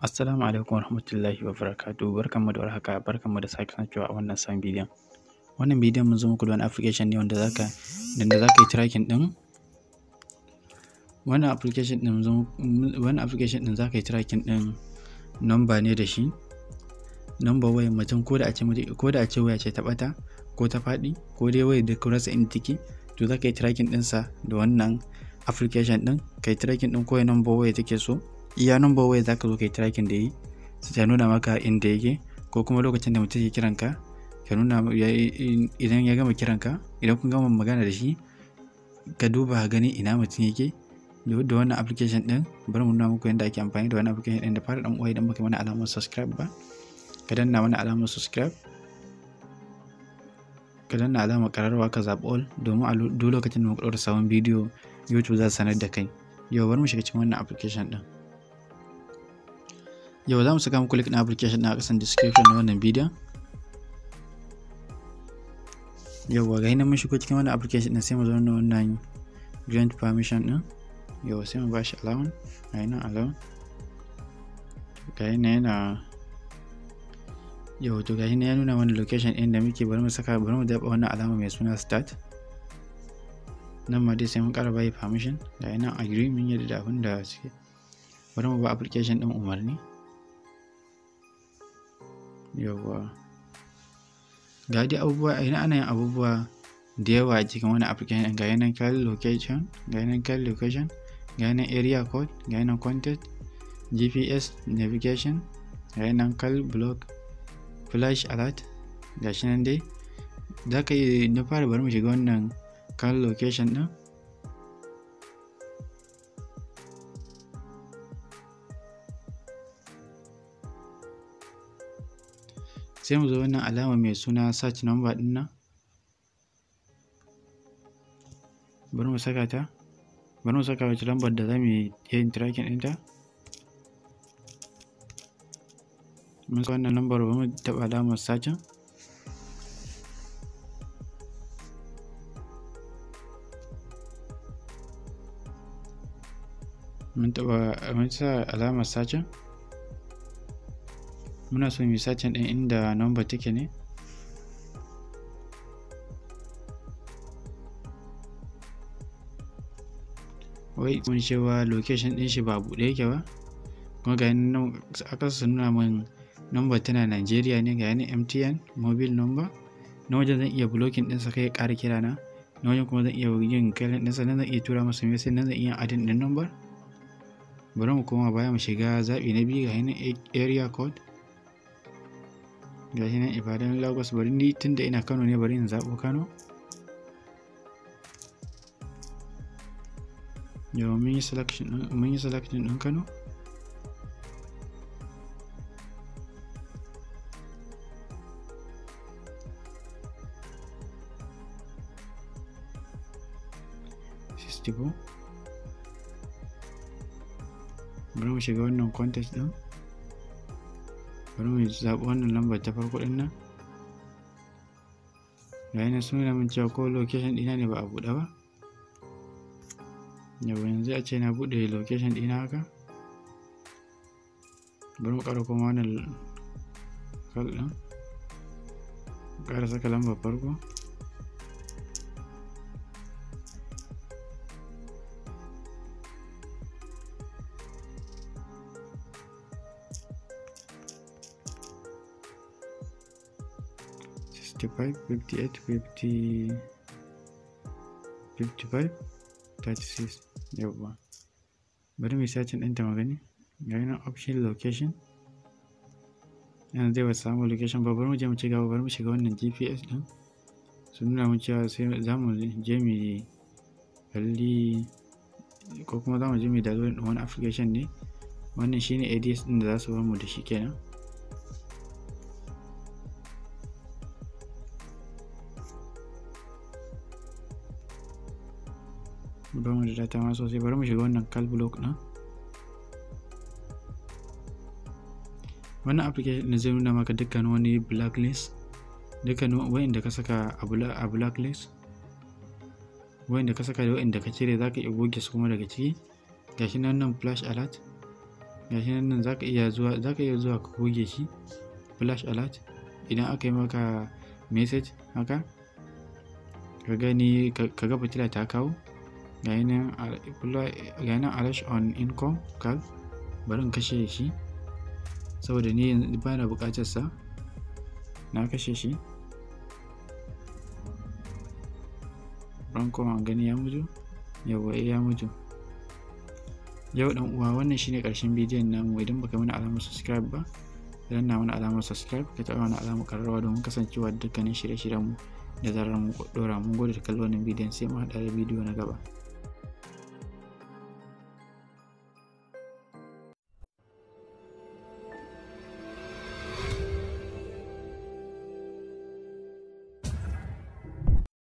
Assalamu alaikum warahmatullahi wabarakatuh barkanmu da warhaka barkanmu da sake kasancewa a wannan sabon bidiyon wannan bidiyon mun zo muku da wani application ne wanda zaka da zaka yi tracking din wannan application din wannan application din zaka yi tracking din number ne da shi number wayar mutum ko da a ce ko da a ce waya ce ta bata ko ta faɗi ko dai wayar da ka rasa inda take to zaka yi tracking din sa da wannan application din kai tracking din ko number waya take so iya number waya zaka zo kai tracking da yi su ta nuna maka inda yake ko kuma lokacin da mutum ya kiran ka ka nuna idan ya gama kiran ka idan kun gama magana da shi ka duba gani ina mutum yake da wannan application din bari mu nuna muku yadda ake amfani da wannan application din da fara dan uwa idan baka mana alamar subscribe ba ka danna mana alamar subscribe ka danna alamar kararwa ka zaɓi all domin a duk lokacin da muka ɗora sabon bidiyo youtube za sanar da kai yau bari mu shiga cikin wannan application din yau za mu saka muku link na application a kasan description na wannan bidiyon yau ga na mun shigo cikin wannan application din sai mu zauna wannan grant permission din yau sai mu ba shi allowance ga nan allowance ga nan yana yau to gashi ne ya nuna mana location din da muke bari mu saka bari mu zaɓa wannan alama mai suna start nan ma dai sai mun ƙara bayi permission ga nan agree mun yadda da abin da suke bari mu ba application ɗin umarni yawwa ga dai abubuwa a ana yin abubuwa da yawa a cikin wani application ɗin ga yanan kan location ga yanan kan location ga yanan area code ga content gps navigation ga yanan kan block flash alert ga shi nan dai za ka yi na fara bari mu shiga wannan kan location ɗin sai mu zo wannan alama mai suna search number ɗin nan bari mu saka ta bari mu saka wacce lambar da za mu yi yin tracking ta mun saka wannan lambar ba mu taɓa alamar sacin mun taɓa mun sa alamar sacin muna so mu sacin ɗin inda number take ne wai mun cewa location din shi ba buɗe yake ba kuma ga nan aka su nuna min number tana nigeria ne ga yin MTN mobile number na wajen zan iya blocking sa kai ƙara kira na na wajen kuma zan iya yin din ɗinsa nan zan iya tura masa message nan zan iya adin ɗin number bari mu koma baya mu shiga zaɓi na biyu ga yin area code ga shi nan ibadan lagos bari ni tunda ina kano ne bari in zaɓo kano yau mun yi selection ɗin kano bari mu shiga wannan contest ɗin bari mu zaɓi wannan lambar ta farko ɗin nan da sun suna min cewa ko location ɗina ne ba a buɗe ba yau yanzu a ce na buɗe location ɗina haka bari mu ƙara kuma wannan kal ɗin ƙara saka lambar farko 55 58 50 55 36 yawwa bari mu sacin ɗinta magani ga option location yanzu zai ba samu location ba bari mu je mu cigaba bari mu shiga wannan gps ɗin su nuna mu cewa sai za mu je mu kalli ko kuma za mu je mu wani application ne wannan shine ads ɗin da za su ba mu da shi kenan ba mu da data ma sosai bari mu shiga wannan cal block na wannan application ne zai nuna maka dukkan wani blacklist dukkan wa'inda ka saka a blacklist wa'inda ka saka da wa'inda ka cire za ka iya goge su kuma daga ciki gashi nan nan flash alert gashi nan nan za ka iya zuwa zaka ka iya zuwa ka goge shi flash alert idan aka yi maka message haka ka gani ka ga fitila ta kawo gayi nan rush on income cal bari in kashe shi saboda ni yanzu ba na bukatar sa na kashe shi ran kuma gani ya mutu yawa eh, ya mutu yau dan uwa wannan shine karshen bidiyon namu idan baka mana alamar subscribe ba idan na mana alamar subscribe ka taɓa mana alamar kararrawa domin kasancewa dukkanin shirye-shiryen mu da zarar mu dora mun gode da kallon wannan bidiyon sai mu hada da bidiyo na gaba